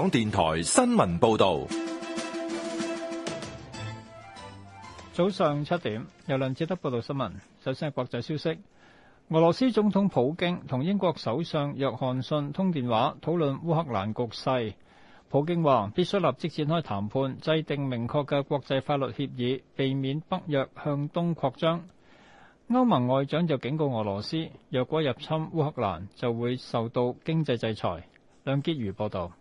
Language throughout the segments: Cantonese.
港電台新聞報道，早上七點有梁志德報道新聞。首先係國際消息，俄羅斯總統普京同英國首相約翰遜通電話，討論烏克蘭局勢。普京話必須立即展開談判，制定明確嘅國際法律協議，避免北約向東擴張。歐盟外長就警告俄羅斯，若果入侵烏克蘭，就會受到經濟制裁。梁潔如報道。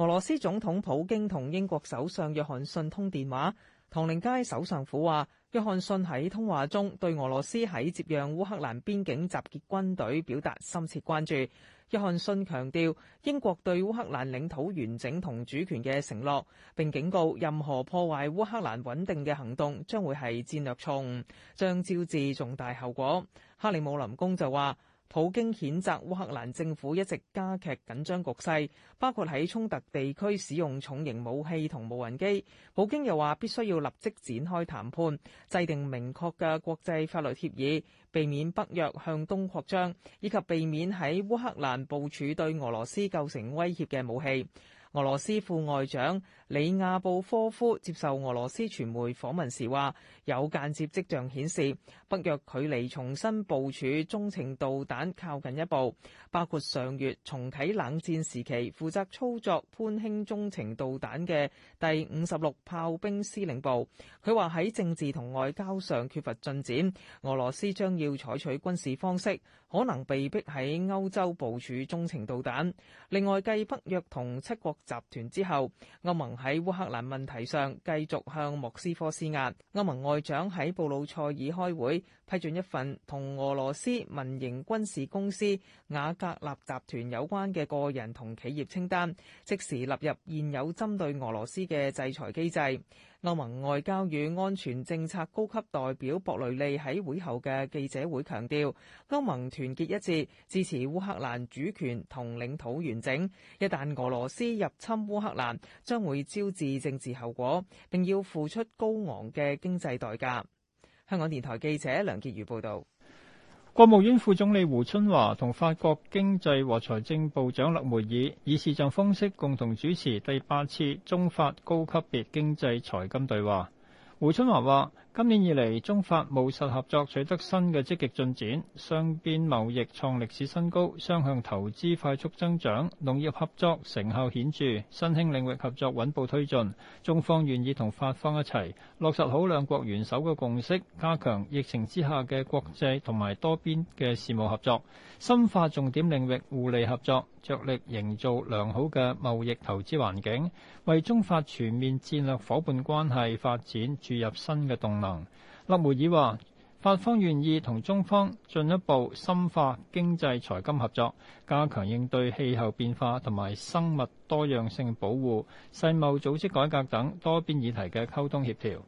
俄羅斯總統普京同英國首相約翰遜通電話，唐寧街首相府話，約翰遜喺通話中對俄羅斯喺接壤烏克蘭邊境集結軍隊表達深切關注。約翰遜強調英國對烏克蘭領土完整同主權嘅承諾，並警告任何破壞烏克蘭穩定嘅行動將會係戰略錯誤，將招致重大後果。克里姆林宮就話。普京譴責烏克蘭政府一直加劇緊張局勢，包括喺衝突地區使用重型武器同無人機。普京又話必須要立即展開談判，制定明確嘅國際法律協議，避免北約向東擴張，以及避免喺烏克蘭部署對俄羅斯構成威脅嘅武器。俄羅斯副外長里亞布科夫接受俄羅斯傳媒訪問時話，有間接迹象顯示，北約距離重新部署中程導彈靠近一步，包括上月重啟冷戰時期負責操作潘興中程導彈嘅第五十六炮兵司令部。佢話喺政治同外交上缺乏進展，俄羅斯將要採取軍事方式，可能被迫喺歐洲部署中程導彈。另外，繼北約同七國。集團之後，歐盟喺烏克蘭問題上繼續向莫斯科施壓。歐盟外長喺布魯塞爾開會，批准一份同俄羅斯民營軍事公司雅格納集團有關嘅個人同企業清單，即時納入現有針對俄羅斯嘅制裁機制。歐盟外交與安全政策高級代表博雷利喺會後嘅記者會強調，歐盟團結一致，支持烏克蘭主權同領土完整。一旦俄羅斯入侵烏克蘭，將會招致政治後果，並要付出高昂嘅經濟代價。香港電台記者梁潔如報道。國務院副總理胡春華同法國經濟和財政部長勒梅爾以視像方式共同主持第八次中法高級別經濟財金對話。胡春華話。今年以嚟，中法務實合作取得新嘅積極進展，雙邊貿易創歷史新高，雙向投資快速增長，農業合作成效顯著，新興領域合作穩步推進。中方願意同法方一齊落實好兩國元首嘅共識，加強疫情之下嘅國際同埋多邊嘅事務合作，深化重點領域互利合作，着力營造良好嘅貿易投資環境，為中法全面戰略伙伴關係發展注入新嘅動力。立梅爾話，法方願意同中方進一步深化經濟財金合作，加強應對氣候變化同埋生物多樣性保護、世貿組織改革等多邊議題嘅溝通協調。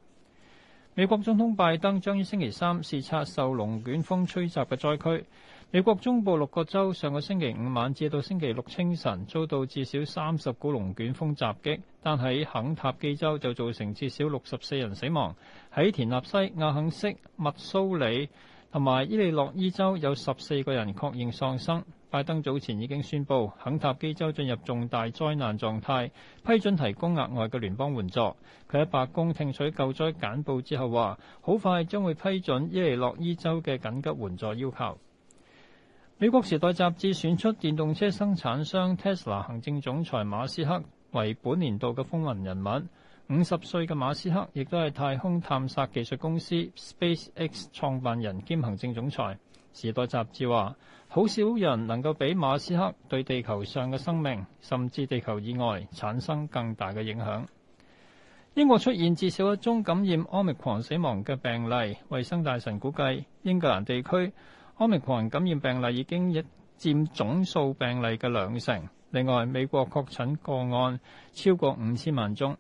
美國總統拜登將於星期三視察受龍捲風吹襲嘅災區。美國中部六個州上個星期五晚至到星期六清晨遭到至少三十股龍捲風襲擊，但喺肯塔基州就造成至少六十四人死亡。喺田納西、亞肯色、密蘇里同埋伊利諾伊州有十四個人確認喪生。拜登早前已經宣布肯塔基州進入重大災難狀態，批准提供額外嘅聯邦援助。佢喺白宮聽取救災簡報之後話：好快將會批准伊利諾伊州嘅緊急援助要求。美國時代雜誌選出電動車生產商 Tesla 行政總裁馬斯克為本年度嘅風雲人物。五十歲嘅馬斯克亦都係太空探索技術公司 SpaceX 創辦人兼行政總裁。時代雜誌話：好少人能夠比馬斯克對地球上嘅生命，甚至地球以外產生更大嘅影響。英國出現至少一宗感染 Omicron 死亡嘅病例，衞生大臣估計英格蘭地區。Omicron 感染病例已經一占總數病例嘅兩成，另外美國確診個案超過五千萬宗。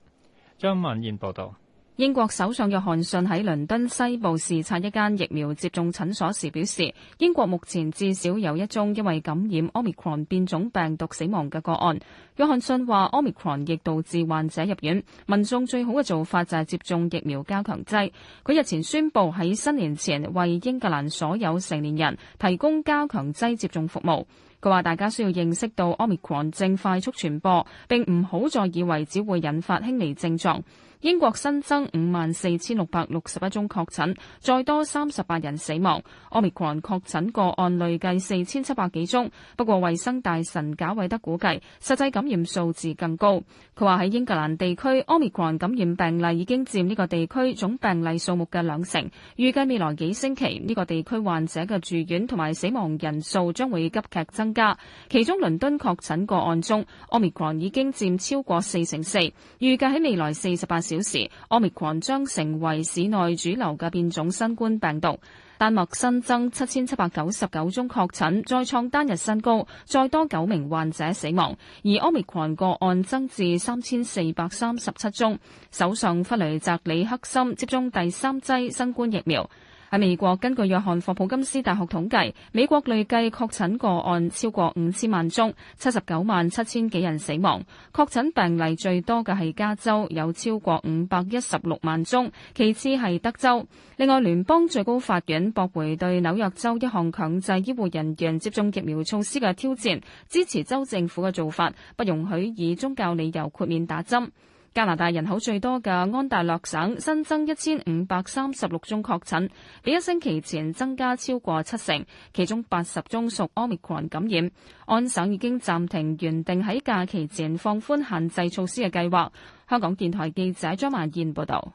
張文燕報道。英國首相約翰遜喺倫敦西部視察一間疫苗接種診所時表示，英國目前至少有一宗因為感染 Omicron 變種病毒死亡嘅個案。約翰遜話，Omicron 亦導致患者入院。民眾最好嘅做法就係接種疫苗加強劑。佢日前宣布喺新年前為英格蘭所有成年人提供加強劑接種服務。佢話大家需要認識到 Omicron 正快速傳播，並唔好再以為只會引發輕微症狀。英國新增五萬四千六百六十一宗確診，再多三十八人死亡。Omicron 確診個案累計四千七百幾宗，不過衛生大臣賈偉德估計實際感染數字更高。佢話喺英格蘭地區，Omicron 感染病例已經佔呢個地區總病例數目嘅兩成，預計未來幾星期呢個地區患者嘅住院同埋死亡人數將會急劇增加。其中倫敦確診個案中，Omicron 已經佔超過四成四，預計喺未來四十八表示，奧密克戎將成為市內主流嘅變種新冠病毒。丹麥新增七千七百九十九宗確診，再創單日新高，再多九名患者死亡，而奧密克戎個案增至三千四百三十七宗。首相弗雷澤里克森接種第三劑新冠疫苗。喺美國，根據約翰霍普金斯大學統計，美國累計確診個案超過五千萬宗，七十九萬七千幾人死亡。確診病例最多嘅係加州，有超過五百一十六萬宗，其次係德州。另外，聯邦最高法院駁回對紐約州一項強制醫護人員接種疫苗措施嘅挑戰，支持州政府嘅做法，不容許以宗教理由豁免打針。加拿大人口最多嘅安大略省新增一千五百三十六宗確診，比一星期前增加超過七成，其中八十宗屬 omicron 感染。安省已經暫停原定喺假期前放寬限制措施嘅計劃。香港電台記者張曼燕報道。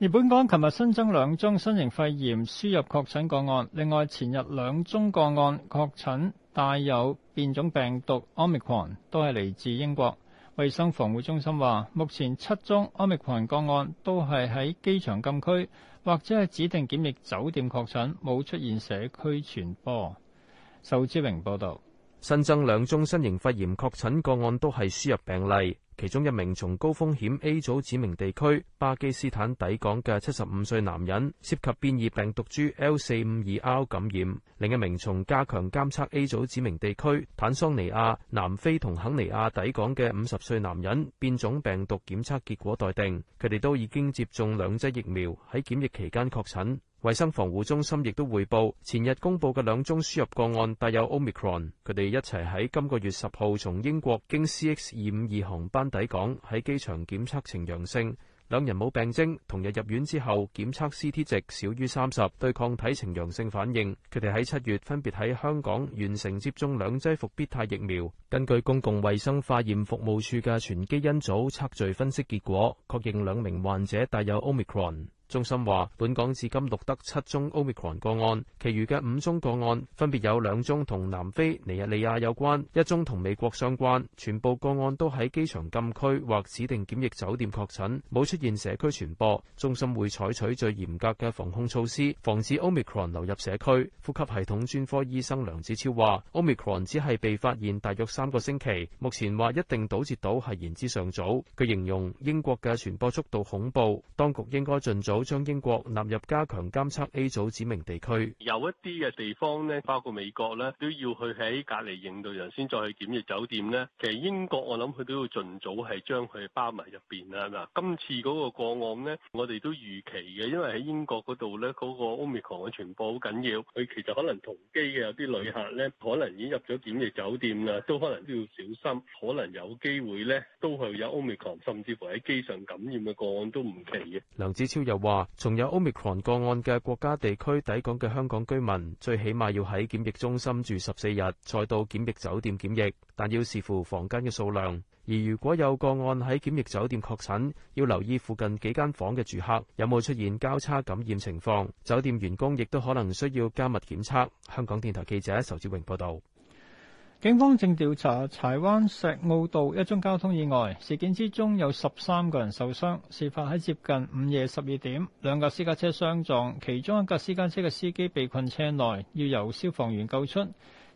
而本港琴日新增兩宗新型肺炎輸入確診個案，另外前日兩宗個案確診帶有變種病毒 omicron，都係嚟自英國。衛生防護中心話，目前七宗 Omicron 個案都係喺機場禁區或者係指定檢疫酒店確診，冇出現社區傳播。仇志榮報道，新增兩宗新型肺炎確診個案都係輸入病例。其中一名從高風險 A 組指明地區巴基斯坦抵港嘅七十五歲男人，涉及變異病毒株 L 四五二 R 感染；另一名從加強監測 A 組指明地區坦桑尼亞、南非同肯尼亞抵港嘅五十歲男人，變種病毒檢測結果待定。佢哋都已經接種兩劑疫苗，喺檢疫期間確診。衛生防護中心亦都匯報，前日公布嘅兩宗輸入個案帶有 Omicron，佢哋一齊喺今個月十號從英國經 CX 二五二航班抵港，喺機場檢測呈陽性，兩人冇病徵，同日入院之後檢測 CT 值少於三十，對抗體呈陽性反應。佢哋喺七月分別喺香港完成接種兩劑復必泰疫苗。根據公共衛生化驗服務處嘅全基因組測序分析結果，確認兩名患者帶有 Omicron。中心話，本港至今錄得七宗 Omicron 個案，其餘嘅五宗個案分別有兩宗同南非尼日利亞有關，一宗同美國相關。全部個案都喺機場禁區或指定檢疫酒店確診，冇出現社區傳播。中心會採取最嚴格嘅防控措施，防止 Omicron 流入社區。呼吸系統專科醫生梁子超話，Omicron 只係被發現大約三個星期，目前話一定堵截到係言之尚早。佢形容英國嘅傳播速度恐怖，當局應該盡早。將英國納入加強監測 A 組指明地區，有一啲嘅地方咧，包括美國咧，都要去喺隔離認到人先再去檢疫酒店咧。其實英國我諗佢都要盡早係將佢包埋入邊啦。嗱，今次嗰個個案咧，我哋都預期嘅，因為喺英國嗰度，嗰個 Omicron 嘅傳播好緊要，佢其實可能同機嘅有啲旅客咧，可能已經入咗檢疫酒店啦，都可能都要小心，可能有機會咧都係有 Omicron，甚至乎喺機上感染嘅個案都唔奇嘅。梁子超又。話，仲有 omicron 個案嘅國家地區抵港嘅香港居民，最起碼要喺檢疫中心住十四日，再到檢疫酒店檢疫，但要視乎房間嘅數量。而如果有個案喺檢疫酒店確診，要留意附近幾間房嘅住客有冇出現交叉感染情況，酒店員工亦都可能需要加密檢測。香港電台記者仇志榮報道。警方正調查柴灣石澳道一宗交通意外，事件之中有十三個人受傷。事發喺接近午夜十二點，兩架私家車相撞，其中一架私家車嘅司機被困車內，要由消防員救出。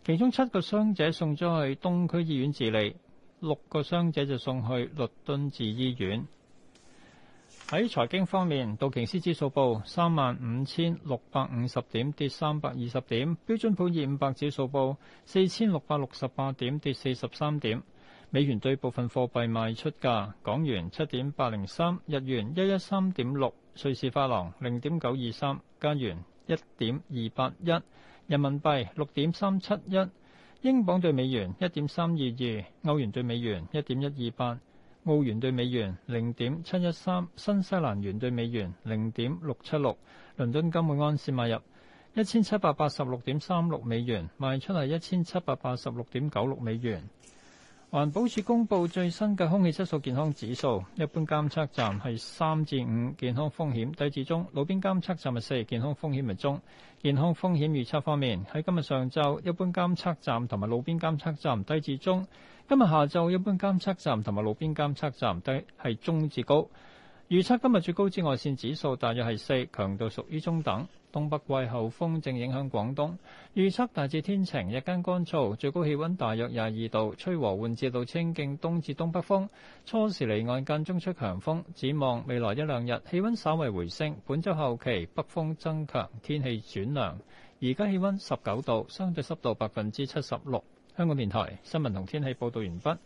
其中七個傷者送咗去東區醫院治理，六個傷者就送去律敦治醫院。喺財經方面，道瓊斯指數報三萬五千六百五十點，跌三百二十點；標準普爾五百指數報四千六百六十八點，跌四十三點。美元對部分貨幣賣出價：港元七點八零三，日元一一三點六，瑞士法郎零點九二三，加元一點二八一，人民幣六點三七一，英鎊對美元一點三二二，歐元對美元一點一二八。澳元兌美元零點七一三，13, 新西蘭元兌美元零點六七六，6, 倫敦金每安士買入一千七百八十六點三六美元，賣出係一千七百八十六點九六美元。環保署公布最新嘅空氣質素健康指數，一般監測站係三至五，健康風險低至中；路邊監測站係四，健康風險係中。健康風險預測方面，喺今日上晝，一般監測站同埋路邊監測站低至中；今日下晝，一般監測站同埋路邊監測站低係中至高。預測今日最高紫外線指數大約係四，強度屬於中等。東北季候風正影響廣東，預測大致天晴，日間乾燥，最高氣温大約廿二度，吹和緩至到清勁東至東北風。初時離岸間中出強風。展望未來一兩日氣温稍為回升，本週後期北風增強，天氣轉涼。而家氣温十九度，相對濕度百分之七十六。香港電台新聞同天氣報導完畢。